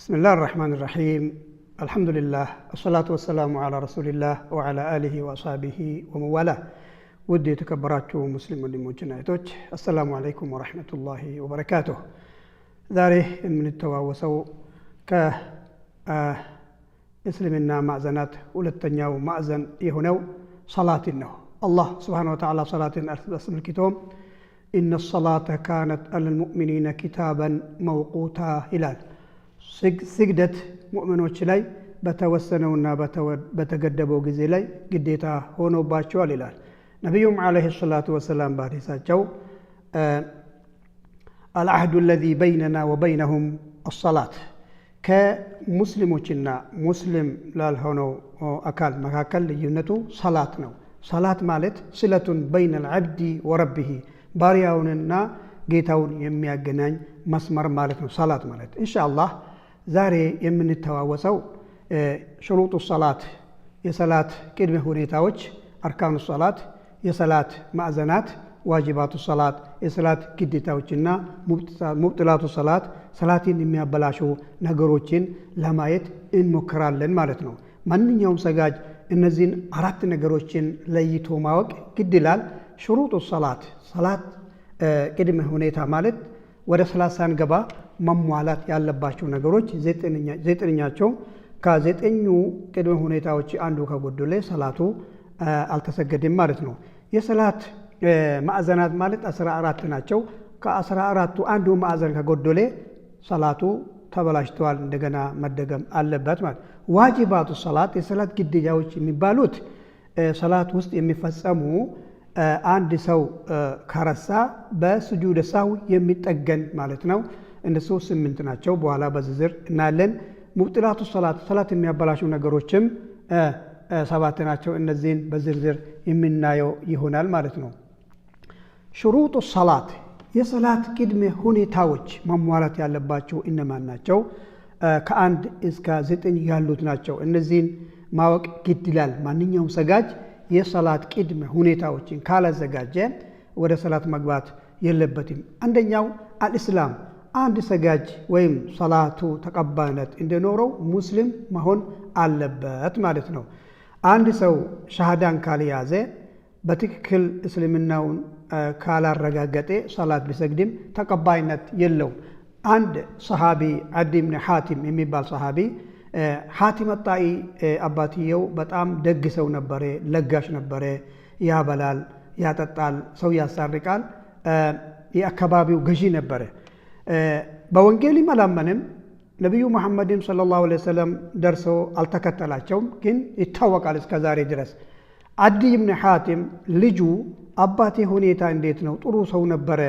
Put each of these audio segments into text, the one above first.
بسم الله الرحمن الرحيم الحمد لله الصلاة والسلام على رسول الله وعلى آله وأصحابه وموالاه ودي تكبرات مسلم لموجنا السلام عليكم ورحمة الله وبركاته ذاري من التواوسو ك اسلمنا معزنات ولتنيا ومعزن يهنو صلاة النه الله سبحانه وتعالى صلاة أرسل اسم الكتوم إن الصلاة كانت على المؤمنين كتابا موقوتا هلال ስግደት ሙእምኖች ላይ በተወሰነውና በተገደበው ጊዜ ላይ ግዴታ ሆኖባቸዋል ይላል። ነቢዩም ዓለይሂ ሰላቱ ወሰላም በሐዲሳቸው አልአህዱ አለዚ በይነና ወበይነሁም አሰላት ከሙስሊሞችና ሙስሊም ላልሆነው አካል መካከል ልዩነቱ ሰላት ነው። ሰላት ማለት ስለቱን በይነል ልዓብዲ ወረብሂ ባሪያውንና ጌታውን የሚያገናኝ መስመር ማለት ነው። ሰላት ማለት እንሻ አላህ ዛሬ የምንተዋወሰው ሽሩጡ ሰላት የሰላት ቅድመ ሁኔታዎች፣ አርካኑ ሰላት የሰላት ማዕዘናት፣ ዋጅባቱ ሰላት የሰላት ግዴታዎችና ሙብጥላቱ ሰላት ሰላትን የሚያበላሹ ነገሮችን ለማየት እንሞክራለን ማለት ነው። ማንኛውም ሰጋጅ እነዚህን አራት ነገሮችን ለይቶ ማወቅ ግድ ይላል። ሽሩጡ ሰላት ሰላት ቅድመ ሁኔታ ማለት ወደ ሰላሳ አንገባ መሟላት ያለባቸው ነገሮች ዘጠነኛቸው ከዘጠኙ ቅድመ ሁኔታዎች አንዱ ከጎደለ ሰላቱ አልተሰገደም ማለት ነው። የሰላት ማዕዘናት ማለት አስራ አራት ናቸው። ከአስራ አራቱ አንዱ ማዕዘን ከጎደለ ሰላቱ ተበላሽተዋል፣ እንደገና መደገም አለበት ማለት ዋጅባቱ ሰላት የሰላት ግድያዎች የሚባሉት ሰላት ውስጥ የሚፈጸሙ አንድ ሰው ከረሳ በስጁድ ሳው የሚጠገን ማለት ነው። እነሱ ስምንት ናቸው። በኋላ በዝርዝር እናያለን። ሙብጥላቱ ሰላት ሰላት የሚያበላሹ ነገሮችም ሰባት ናቸው። እነዚህን በዝርዝር የምናየው ይሆናል ማለት ነው። ሽሩጡ ሰላት የሰላት ቅድመ ሁኔታዎች መሟላት ያለባቸው እነማን ናቸው? ከአንድ እስከ ዘጠኝ ያሉት ናቸው። እነዚህን ማወቅ ግድ ይላል ማንኛውም ሰጋጅ የሰላት ቅድመ ሁኔታዎችን ካላዘጋጀ ወደ ሰላት መግባት የለበትም። አንደኛው አልእስላም አንድ ሰጋጅ ወይም ሰላቱ ተቀባይነት እንደኖረው ሙስሊም መሆን አለበት ማለት ነው። አንድ ሰው ሻሃዳን ካልያዘ በትክክል እስልምናውን ካላረጋገጠ ሰላት ቢሰግድም ተቀባይነት የለውም። አንድ ሰሃቢ አዲ ብን ሓቲም የሚባል ሰሃቢ ሀቲም አጣኢ አባትየው በጣም ደግ ሰው ነበረ፣ ለጋሽ ነበረ። ያበላል፣ ያጠጣል፣ ሰው ያሳርቃል። የአካባቢው ገዢ ነበረ። በወንጌልም አላመንም። ነቢዩ መሐመድም ሰለላሁ ዐለይሂ ወሰለም ደርሶ አልተከተላቸውም፣ ግን ይታወቃል እስከ ዛሬ ድረስ። አዲ ብን ሓቲም ልጁ አባቴ ሁኔታ እንዴት ነው? ጥሩ ሰው ነበረ፣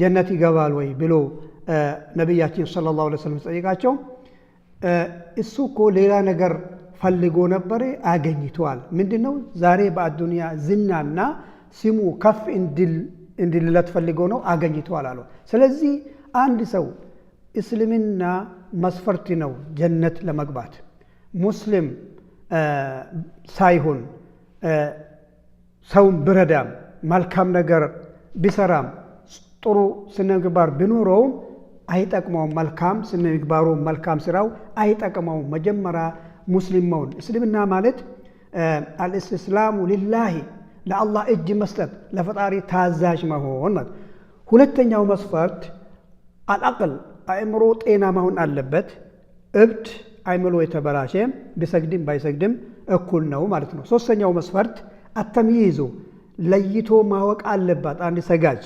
ጀነት ይገባል ወይ ብሎ ነቢያችን ሰለላሁ ዐለይሂ ወሰለም ጠይቃቸው እሱ እኮ ሌላ ነገር ፈልጎ ነበረ፣ አገኝተዋል። ምንድ ነው ዛሬ በአዱንያ ዝናና ስሙ ከፍ እንዲልለት ፈልጎ ነው አገኝተዋል አለ። ስለዚህ አንድ ሰው እስልምና መስፈርት ነው ጀነት ለመግባት ሙስሊም ሳይሆን ሰውን ብረዳም መልካም ነገር ቢሰራም ጥሩ ስነምግባር ቢኖረውም አይጠቅመውም። መልካም ስነ ምግባሩ፣ መልካም ስራው አይጠቅመውም። መጀመሪያ ሙስሊም መሆን እስልምና ማለት አልእስትስላሙ ሊላሂ ለአላህ እጅ መስጠት፣ ለፈጣሪ ታዛዥ መሆን። ሁለተኛው መስፈርት አልአቅል አእምሮ ጤና መሆን አለበት። እብድ አይምሎ የተበላሸ ቢሰግድም ባይሰግድም እኩል ነው ማለት ነው። ሶስተኛው መስፈርት አተምይዙ ለይቶ ማወቅ አለባት አንድ ሰጋጅ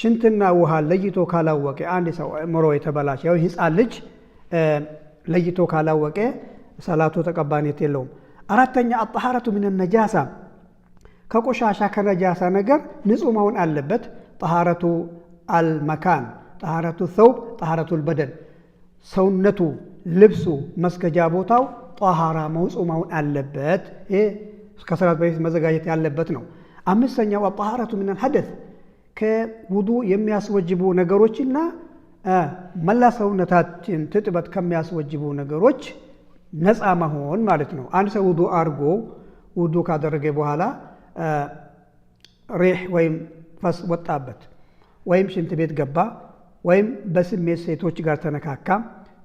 ሽንትና ውሃ ለይቶ ካላወቀ አንድ ሰው አእምሮ የተበላሸ ያው ህፃን ልጅ ለይቶ ካላወቀ ሰላቱ ተቀባይነት የለውም። አራተኛ አጣሃረቱ ምን ነጃሳ ከቆሻሻ ከነጃሳ ነገር ንጹህ መሆን አለበት። ጣሃረቱ አልመካን፣ ጣሃረቱ ሰውብ፣ ጣሃረቱ ልበደን ሰውነቱ፣ ልብሱ፣ መስገጃ ቦታው ጣሃራ መውፁ መሆን አለበት። ይህ ከሰላት በፊት መዘጋጀት ያለበት ነው። አምስተኛው አጣሃረቱ ምን ሀደት ከውዱ የሚያስወጅቡ ነገሮችና መላ ሰውነታችን ትጥበት ከሚያስወጅቡ ነገሮች ነፃ መሆን ማለት ነው። አንድ ሰው ውዱ አድርጎ ውዱ ካደረገ በኋላ ሬሕ ወይም ፈስ ወጣበት ወይም ሽንት ቤት ገባ ወይም በስሜት ሴቶች ጋር ተነካካ፣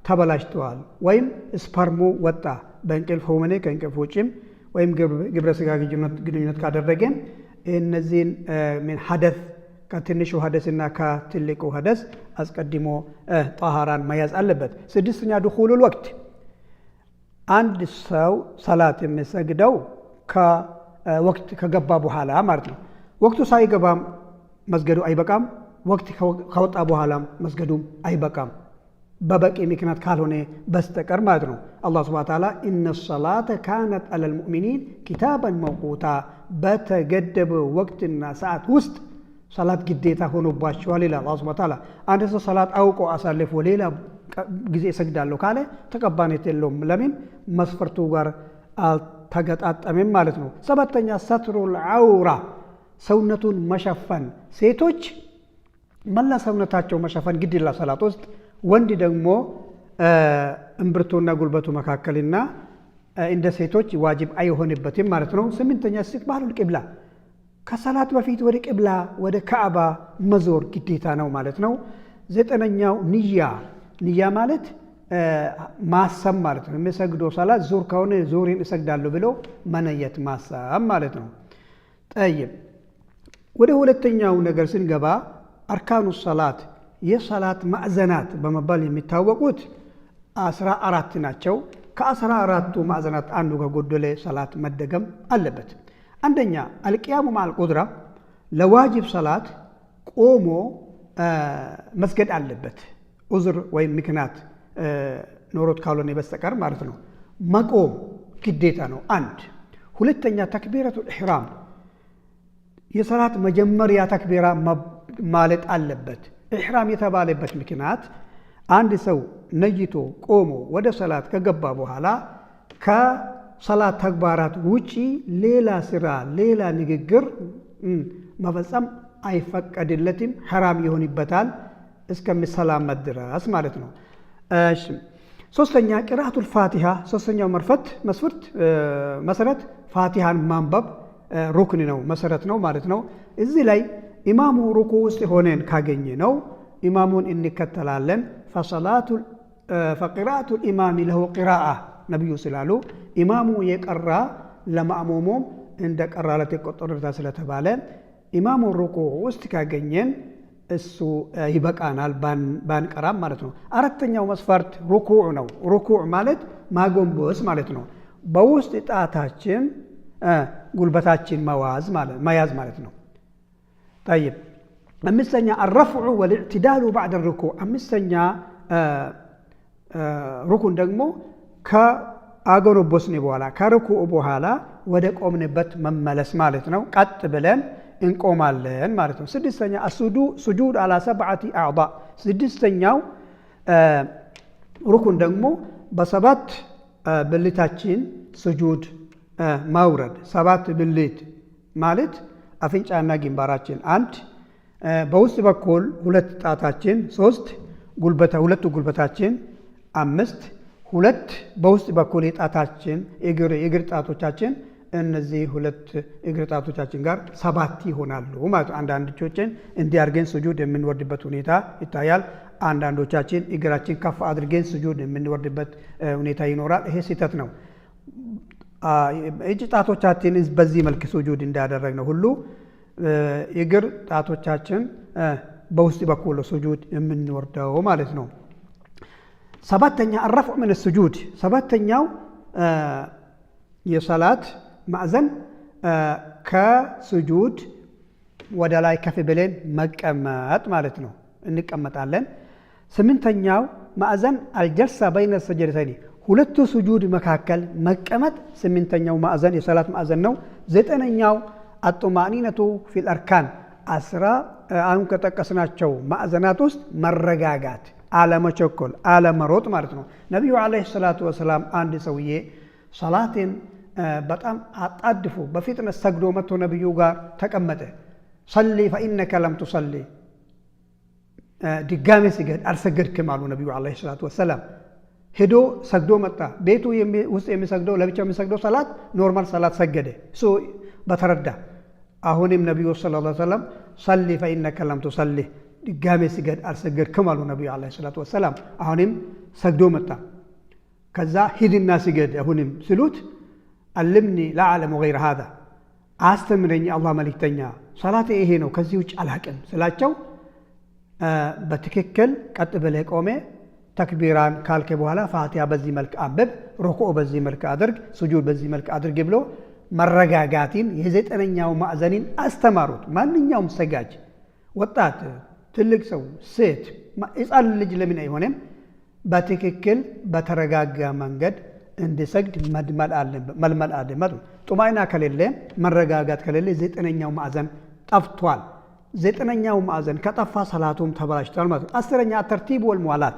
ተበላሽተዋል ወይም ስፐርሙ ወጣ በእንቅልፍ ሆነ ከእንቅልፍ ውጭም ወይም ግብረ ስጋ ግንኙነት ካደረገም እነዚህን ሀደት ከትንሹ እና ከትልቁ ሀደስ አስቀድሞ ጠሃራን መያዝ አለበት። ስድስተኛ ድኹሉል ወቅት አንድ ሰው ሰላት የሚሰግደው ወቅት ከገባ በኋላ ማለት ነው። ወቅቱ ሳይገባም መስገዱ አይበቃም። ወቅት ከወጣ በኋላም መስገዱም አይበቃም። በበቂ ምክንያት ካልሆነ በስተቀር ማለት ነው። አላህ ስብሐነ ወተዓላ ኢነ ሰላተ ካነት አለል ሙእሚኒን ኪታበን መውቁታ በተገደበ ወቅትና ሰዓት ውስጥ ሰላት ግዴታ ሆኖባቸዋል ይላል አላህ ተዓላ። አንድ ሰው ሰላት አውቆ አሳልፎ ሌላ ጊዜ እሰግዳለሁ ካለ ተቀባይነት የለውም። ለምን? መስፈርቱ ጋር አልተገጣጠመም ማለት ነው። ሰባተኛ ሰትሩል አውራ ሰውነቱን መሸፈን፣ ሴቶች መላ ሰውነታቸው መሸፈን ግድ ይላል ሰላት ውስጥ። ወንድ ደግሞ እምብርቱና ጉልበቱ መካከልና እንደ ሴቶች ዋጅብ አይሆንበትም ማለት ነው። ስምንተኛ ኢስቲቅባሉል ቂብላ ከሰላት በፊት ወደ ቅብላ ወደ ካዕባ መዞር ግዴታ ነው ማለት ነው። ዘጠነኛው ንያ ንያ ማለት ማሰብ ማለት ነው። የሚሰግዶ ሰላት ዞር ከሆነ ዙሪን እሰግዳለሁ ብሎ መነየት ማሰብ ማለት ነው። ጠይብ ወደ ሁለተኛው ነገር ስንገባ አርካኑ ሰላት የሰላት ማዕዘናት በመባል የሚታወቁት አስራ አራት ናቸው። ከአስራ አራቱ ማዕዘናት አንዱ ከጎደለ ሰላት መደገም አለበት። አንደኛ አልቅያሙ ማል ቁድራ ለዋጅብ ሰላት ቆሞ መስገድ አለበት። ኡዝር ወይም ምክንያት ኖሮት ካልሆነ በስተቀር ማለት ነው። መቆም ግዴታ ነው። አንድ ሁለተኛ ተክቢረቱ ኢሕራም የሰላት መጀመሪያ ተክቢራ ማለት አለበት። ኢሕራም የተባለበት ምክንያት አንድ ሰው ነይቶ ቆሞ ወደ ሰላት ከገባ በኋላ ሰላት ተግባራት ውጪ ሌላ ስራ፣ ሌላ ንግግር መፈጸም አይፈቀድለትም፣ ሐራም ይሆንበታል እስከሚሰላመት ድረስ ማለት ነው። እሺ ሶስተኛ ቅራአቱል ፋቲሃ ሶስተኛው መርፈት መስፈርት መሰረት ፋቲሃን ማንበብ ሩክን ነው መሰረት ነው ማለት ነው። እዚህ ላይ ኢማሙ ሩኩ ውስጥ ሆነን ካገኘ ነው ኢማሙን እንከተላለን። ፈቅራአቱል ኢማሚ ለሁ ቅራአ ነቢዩ ስላሉ ኢማሙ የቀራ ለማእሞሞም እንደ ቀራለት ይቆጠርለታል ስለተባለ ኢማሙ ሩቁ ውስጥ ካገኘን እሱ ይበቃናል ባንቀራም ማለት ነው። አራተኛው መስፈርት ሩኩዕ ነው። ሩኩዕ ማለት ማጎንበስ ማለት ነው። በውስጥ ጣታችን ጉልበታችን መያዝ ማለት ነው። ጠይብ አምስተኛ አረፍዑ ወልዕትዳሉ ባዕድ ሩኩዕ። አምስተኛ ሩኩን ደግሞ አጎነበስን በኋላ ከርኩዕ በኋላ ወደ ቆምንበት መመለስ ማለት ነው። ቀጥ ብለን እንቆማለን ማለት ነው። ስድስተኛ ሱጁድ አላ ሰብዓቲ አዕዳ ስድስተኛው ሩኩን ደግሞ በሰባት ብልታችን ስጁድ ማውረድ። ሰባት ብልት ማለት አፍንጫና ግንባራችን አንድ፣ በውስጥ በኩል ሁለት ጣታችን ሶስት፣ ሁለቱ ጉልበታችን አምስት ሁለት በውስጥ በኩል የጣታችን የእግር ጣቶቻችን እነዚህ ሁለት እግር ጣቶቻችን ጋር ሰባት ይሆናሉ ማለት አንዳንዶቻችን እንዲህ ስጁድ የምንወርድበት ሁኔታ ይታያል። አንዳንዶቻችን እግራችን ከፍ አድርገን ስጁድ የምንወርድበት ሁኔታ ይኖራል። ይሄ ስህተት ነው። እጅ ጣቶቻችን በዚህ መልክ ስጁድ ነው ሁሉ እግር ጣቶቻችን በውስጥ በኩል ስጁድ የምንወርደው ማለት ነው። ሰባተኛ አረፍዑ ምን ስጁድ ሰባተኛው የሰላት ማዕዘን ከስጁድ ወደ ላይ ከፍ ብለን መቀመጥ ማለት ነው። እንቀመጣለን። ስምንተኛው ማዕዘን አልጀልሳ በይነ ሰጀደተኒ ሁለቱ ስጁድ መካከል መቀመጥ ስምንተኛው ማዕዘን የሰላት ማዕዘን ነው። ዘጠነኛው አጡማኒነቱ ፊል አርካን አስራ አሁን ከጠቀስናቸው ማዕዘናት ውስጥ መረጋጋት አለመቸኮል፣ አለመሮጥ ማለት ነው። ነቢዩ ዓለይሂ ሰላቱ ወሰላም አንድ ሰውዬ ሰላቴን በጣም አጣድፎ በፍጥነት ሰግዶ መጥቶ ነቢዩ ጋር ተቀመጠ። ሰሊ ፈኢነከ ለም ቱሰሊ፣ ድጋሜ ስገድ አልሰገድክም አሉ ነቢዩ ዓለይሂ ሰላቱ ወሰላም። ሄዶ ሰግዶ መጣ። ቤቱ ውስጥ የሚሰግደው ለብቻ የሚሰግደው ሰላት ኖርማል ሰላት ሰገደ። እሱ በተረዳ አሁንም ነቢዩ ሰለላሁ ዐለይሂ ወሰለም ሰሊ ፈኢነከ ለም ቱሰሊ ድጋሜ ስገድ አልሰገድክም አሉ ነቢዩ ዓለይሂ ሰላቱ ወሰላም። አሁንም ሰግዶ መጣ። ከዛ ሂድና ስገድ አሁንም ስሉት አልምኒ ለዓለሙ ገይረ ሃዛ አስተምረኝ አላህ መልክተኛ፣ ሰላት ይሄ ነው ከዚህ ውጭ አላቅም ስላቸው በትክክል ቀጥ ብለህ ቆሜ ተክቢራን ካልከ በኋላ ፋቲያ በዚህ መልክ አንብብ፣ ሩኩዕ በዚህ መልክ አድርግ፣ ስጁድ በዚህ መልክ አድርግ ብሎ መረጋጋትን የዘጠነኛው ማዕዘንን አስተማሩት። ማንኛውም ሰጋጅ ወጣት ትልቅ ሰው፣ ሴት፣ ሕፃን ልጅ ለምን አይሆንም? በትክክል በተረጋጋ መንገድ እንዲሰግድ መልመድ አለበት። ጡማይና ከሌለ መረጋጋት ከሌለ ዘጠነኛው ማዕዘን ጠፍቷል። ዘጠነኛው ማዕዘን ከጠፋ ሰላቱም ተበላሽቷል ማለት ነው። አስረኛ ተርቲብ ወልሟላት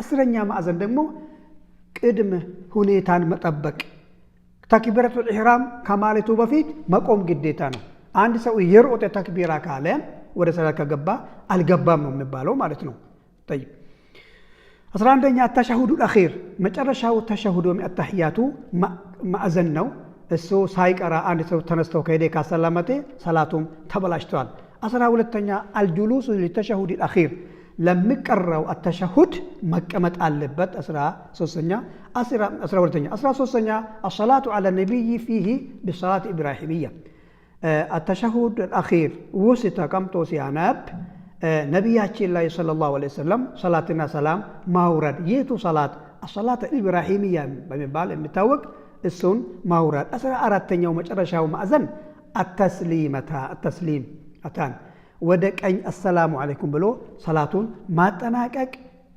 አስረኛ ማዕዘን ደግሞ ቅድም ሁኔታን መጠበቅ ተክቢረቱል ኢሕራም ከማለቱ በፊት መቆም ግዴታ ነው። አንድ ሰው የርኦት ተክቢራ ካለ ወደ ሰላት ከገባ አልገባም ነው የሚባለው ማለት ነው። ጠይብ አስራ አንደኛ ተሻሁዱ አኺር መጨረሻው ተሻሁዱ ወይም አታህያቱ ማዕዘን ነው። እሱ ሳይቀራ አንድ ሰው ተነስተው ከሄደ ካሰላመቴ ሰላቱም ተበላሽተዋል። አስራ ሁለተኛ አልጁሉሱ ተሻሁድ አኺር ለሚቀረው አተሻሁድ መቀመጥ አለበት። አስራ ሶስተኛ አስራ ሁለተኛ አስራ ሶስተኛ አሰላቱ አለ ነቢይ ፊህ ብሰላት ኢብራሂምያ አተሸሁድ አልአኺር ውስጥ ተቀምጦ ሲያነብ ነቢያችን ላይ ሰለላሁ ዐለይሂ ወሰለም ሰላትና ሰላም ማውረድ የቱ ሰላት አሰላት ኢብራሂምያ በሚባል የሚታወቅ እሱን ማውረድ። አስራ አራተኛው መጨረሻው ማዕዘን አተስሊመታ አተስሊም አታን ወደ ቀኝ አሰላሙ አለይኩም ብሎ ሰላቱን ማጠናቀቅ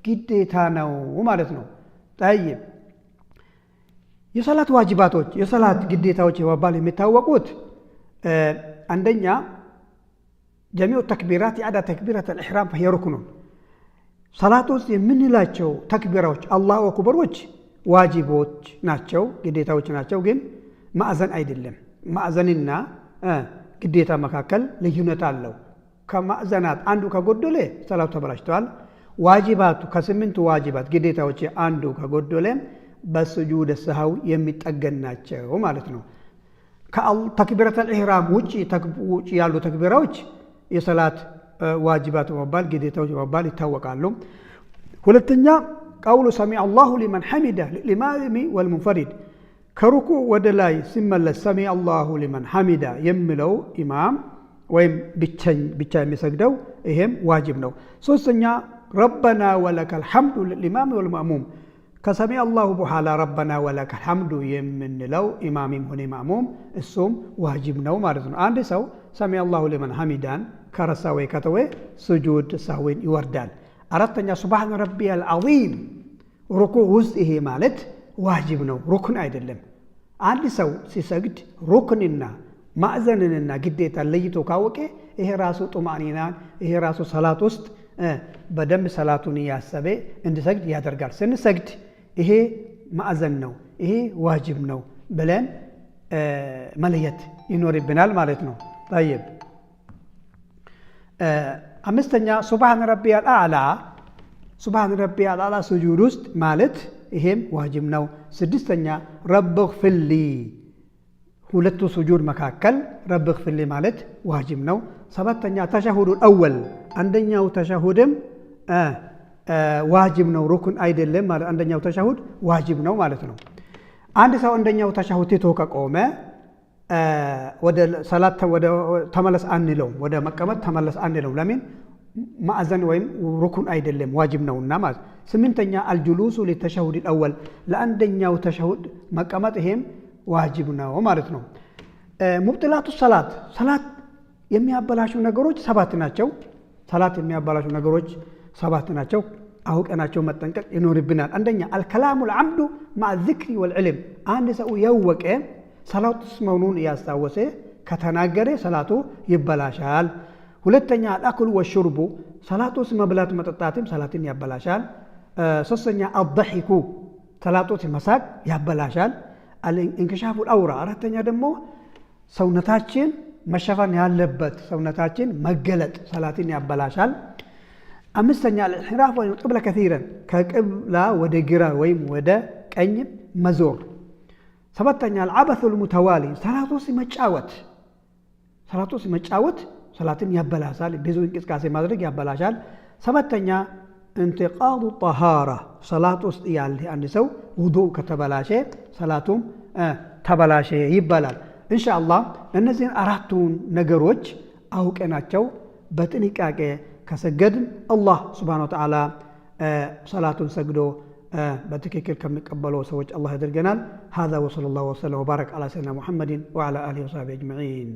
ግዴታ ነው ማለት ነው። ጠይብ የሰላት ዋጅባቶች የሰላት ግዴታዎች በመባል የሚታወቁት አንደኛ ጀሚዑ ተክቢራት የአዳ ተክቢራት አልኢሕራም ፈሂየ ሩክኑን ሰላት ውስጥ የምንላቸው ተክቢራዎች አላሁ አክበሮች ዋጅቦች ናቸው፣ ግዴታዎች ናቸው። ግን ማዕዘን አይደለም። ማዕዘንና ግዴታ መካከል ልዩነት አለው። ከማዕዘናት አንዱ ከጎደለ ሰላቱ ተበላሽተዋል። ዋጅባቱ ከስምንቱ ዋጅባት ግዴታዎች አንዱ ከጎደለ በስጁደ ሰሃው የሚጠገን ናቸው ማለት ነው። ተክቢረተል ኢሕራም ውጭ ውጭ ያሉ ተክቢራዎች የሰላት ዋጅባት በመባል ግዴታዎች በመባል ይታወቃሉ። ሁለተኛ ቀውሉ ሰሚ አላሁ ሊመን ሐሚደ ልኢማሚ ወልሙንፈሪድ ከሩኩ ወደ ላይ ሲመለስ ሰሚ አላሁ ሊመን ሐሚዳ የሚለው ኢማም ወይም ብቻ የሚሰግደው ይሄም ዋጅብ ነው። ሶስተኛ ረበና ወለከል ሐምዱ ልኢማሚ ወልማእሙም ከሰሚ አላሁ በኋላ ረበና ወለከል ሐምዱ የምንለው ኢማሚም ሆነ ማእሙም እሱም ዋጅብ ነው ማለት ነው። አንድ ሰው ሰሚ አላሁ ሊመን ሐሚዳን ከረሳ ወይ ከተወ ስጁድ ሳዊን ይወርዳል። አራተኛ ሱብሓነ ረቢያል አዚም ሩኩዕ ውስጥ ይሄ ማለት ዋጅብ ነው፣ ሩክን አይደለም። አንድ ሰው ሲሰግድ ሩክንና ማዕዘንንና ግዴታ ለይቶ ካወቀ ይሄ ራሱ ጡማኒናን ይሄ ራሱ ሰላት ውስጥ በደንብ ሰላቱን እያሰበ እንዲሰግድ ያደርጋል። ስንሰግድ ይሄ ማዕዘን ነው፣ ይሄ ዋጅብ ነው ብለን መለየት ይኖርብናል ማለት ነው። ጠይብ አምስተኛ ሱብሓን ረቢ አልአዕላ ሱብሓን ረቢ አልአዕላ ስጁድ ውስጥ ማለት ይሄም ዋጅብ ነው። ስድስተኛ ረብ ግፍሊ ሁለቱ ስጁድ መካከል ረብ ግፍሊ ማለት ዋጅብ ነው። ሰባተኛ ተሸሁዱ አወል አንደኛው ተሸሁድም ዋጅብ ነው፣ ሩኩን አይደለም ማለት አንደኛው ተሻሁድ ዋጅብ ነው ማለት ነው። አንድ ሰው አንደኛው ተሻሁድ ትቶ ከቆመ ወደ ሰላት ተመለስ አንለውም፣ ወደ መቀመጥ ተመለስ አንለውም። ለምን ማዕዘን ወይም ሩኩን አይደለም ዋጅብ ነውና ማለት። ስምንተኛ አልጁሉሱ ሊተሸሁድ አወል ለአንደኛው ተሻሁድ መቀመጥ ይሄም ዋጅብ ነው ማለት ነው። ሙብጥላቱ ሰላት ሰላት የሚያበላሹ ነገሮች ሰባት ናቸው። ሰላት የሚያበላሹ ነገሮች ሰባት ናቸው። አውቀናቸው መጠንቀቅ ይኖርብናል። አንደኛ አልከላሙ ልዓምዱ ማ ዝክሪ ወልዕልም አንድ ሰው ያወቀ ሰላቱስ መሆኑን እያስታወሰ ከተናገረ ሰላቱ ይበላሻል። ሁለተኛ አልአክሉ ወሹርቡ ሰላቶስ መብላት መጠጣትም ሰላትን ያበላሻል። ሶስተኛ አضሒኩ ሰላቶስ መሳቅ ያበላሻል። እንክሻፉ አውራ አራተኛ ደግሞ ሰውነታችን መሸፈን ያለበት ሰውነታችን መገለጥ ሰላትን ያበላሻል። አምስተኛ ልንሕራፍ ወይም ቅብለ ከቲረን ከቅብላ ወደ ግራ ወይም ወደ ቀኝ መዞር። ሰባተኛ አልዓበቱ ልሙተዋሊ ሰላቶ ሲመጫወት ሰላቶ ሲመጫወት ሰላትን ያበላሻል። ብዙ እንቅስቃሴ ማድረግ ያበላሻል። ሰባተኛ እንቲቃዱ ጠሃራ ሰላት ውስጥ ያለ አንድ ሰው ውዱእ ከተበላሸ ሰላቱም ተበላሸ ይባላል። እንሻ አላህ እነዚህን አራቱን ነገሮች አውቀናቸው በጥንቃቄ كسجد الله سبحانه وتعالى صلاة سجدو بتككل كم يقبلوا سوج الله درجنا هذا وصلى الله وسلم وبارك على سيدنا محمد وعلى آله وصحبه أجمعين